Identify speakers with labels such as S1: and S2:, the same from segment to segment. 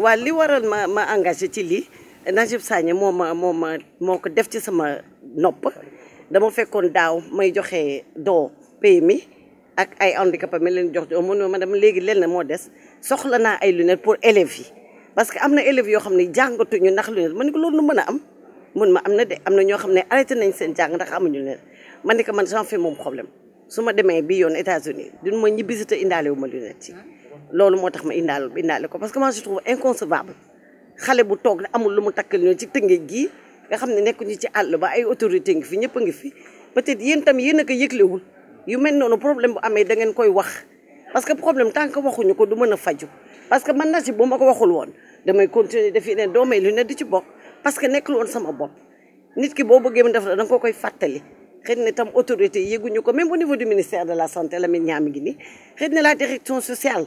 S1: waa li waral ma ma engage ci lii Najib Sagné moo ma moo ma moo ko def ci sama nopp dama fekkoon daaw may joxe doo PMI ak ay handicapé ma leen jox doo mënoo ma dama léegi lenn moo des soxla naa ay lunettes pour élèves yi parce que am na élèves yoo xam ne jàngatuñu ndax lunette ma ne ko loolu nu mën a am mun ma am na de am na ñoo xam ne arrêté nañ seen jàng ndax amuñu lunette man ni ko man j'en fais mon problème su ma demee bi yoon États-Unis duñ ma ñibbisi te indaale wu ma lunette ci loolu moo tax ma indal indaale ko parce que moi je trouve inconcevable xale bu tok amul lu mu takkal ñoo ci tëngeej gi nga xam ne nekkuñu ci all ba ay autorité ngi fi ñepp a ngi fi peut-être yeen tam yéen a ko yëglewul yu mel noonu problème bu amé da ngeen koy wax parce que problème tant que waxuñu ko du mëna faju parce que man na ci bu ma waxul won damay continuer def do may lu ne di ci bok parce que nekkul won sama bop nit ki boo bëggee mu def da nga koy fatali xëy tam autorité yeguñu ko même au niveau du ministère de la santé la min ñam ngi ni xëy la direction sociale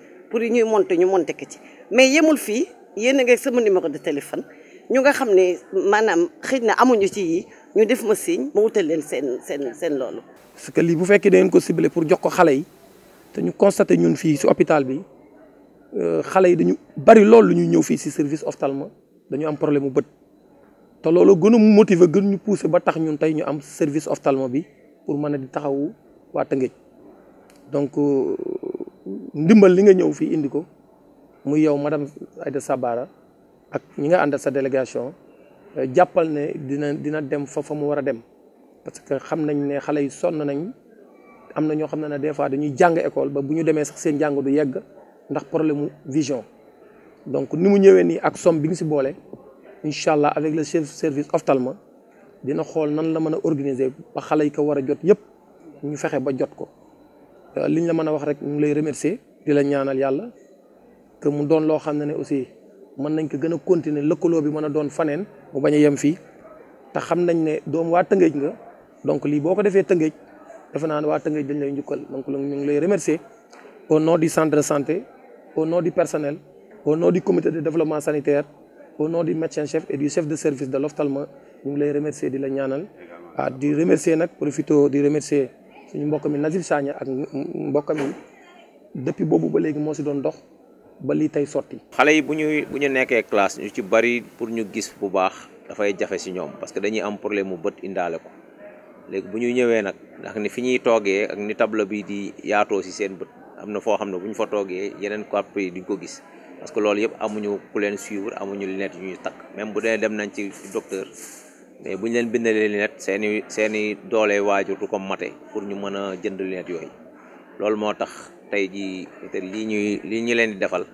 S1: pour yi ñuy monter ñu monter ko ci mais yemul fii yéen a ngi sama numéro de téléphone ñu nga xam ne maanaam xëy na amuñu ci yi ñu def ma signe ma wutal leen seen seen seen loolu.
S2: parce que lii bu fekkee da ko ciblé pour jox ko xale yi te ñu constaté ñun fii si hôpital bi euh, xale yi dañu bari lool lu ñuy ñëw fii si service ophtalmo dañu am problème mu bët. te loolu gën a motiver gën ñu pousser ba tax ñun tey ñu am service ophtalmo bi pour mën a di taxawu waa Tëngéej euh, ndimbal li nga ñëw fii indi ko muy yow madame Aïda Sabara ak ñi nga àndal sa délégation euh, jàppal ne dina dina dem fa fa mu war a dem parce que xam nañ ne xale yi sonn nañ am na ñoo xam ne ne des fois dañuy jàng école ba bu ñu demee sax seen jàng du yegg ndax problème mu vision donc ni mu ñëwee nii ak somme bi nga si boole incha allah avec le chef service ophtalma dina xool nan la mën a organiser ba xale yi ko war a jot yëpp ñu fexe ba jot ko Euh, liñ la mën a wax rek ñu lay remercier di la ñaanal yàlla te mu doon loo xam ne ne aussi mën nañ ko gën a continuer lëkkaloo bi mën a doon faneen mu bañ a yem fii te xam nañ ne doom waa Tëngéej nga donc lii boo ko defee Tëngéej defe naa dañ lay njukkal donc ñu ngi lay remercier au nom du centre de santé au nom du personnel au nom du comité de développement sanitaire au nom du médecin chef et du chef de service de l'oftalma ñu ngi lay remercier di la ñaanal ah di remercier nag profito di remercier suñu mbokk mi nazir Sagna ak mbokk mi depuis bobu ba léegi mo ci doon dox ba li tay sotti.
S3: xalé yi buñu buñu nekké classe ñu ci bari pour ñu gis bu baax da fay jafé ci ñom parce que dañuy am problème mu bëtt indalé ko légui buñu ñëwé nak nag ndax ni fiñuy toggé ak ni tableau bi di yaato ci seen bëtt amna fo xamna buñ fa toggé yenen ko yi duñ ko gis parce que loolu yëpp amuñu ku leen suivre amuñu li net ñuy tak même bu dé dem nañ ci docteur. mais bu ñu leen bindalee lunette seen i seen i doole waajur du ko mate pour ñu mën a jënd lunette yooyu loolu moo tax tey jii te lii ñuy lii ñu leen di defal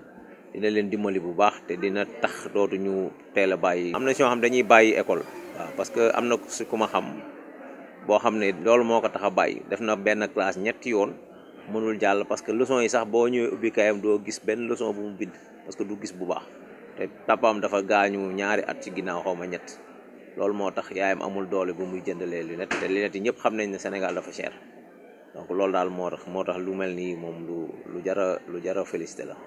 S3: dina leen dimbali bu baax te dina tax dootuñu teel a bàyyi. am na si ñoo xam dañuy bàyyi école waaw parce que am na si ku ma xam boo xam ne loolu moo ko tax a bàyyi def na benn classe ñetti yoon mënul jàll parce que leçon yi sax boo ñëwee ubbi kayam doo gis benn leçon bu mu bind parce que du gis bu baax te papaam dafa gaañu ñaari at ci ginnaaw xaw ma loolu moo tax yaayam amul doole bu muy jëndalee lunette te lunette yi ñëpp xam nañ ne Sénégal dafa cher donc loolu daal moo tax moo tax lu mel nii moom lu lu jara lu jara félicité la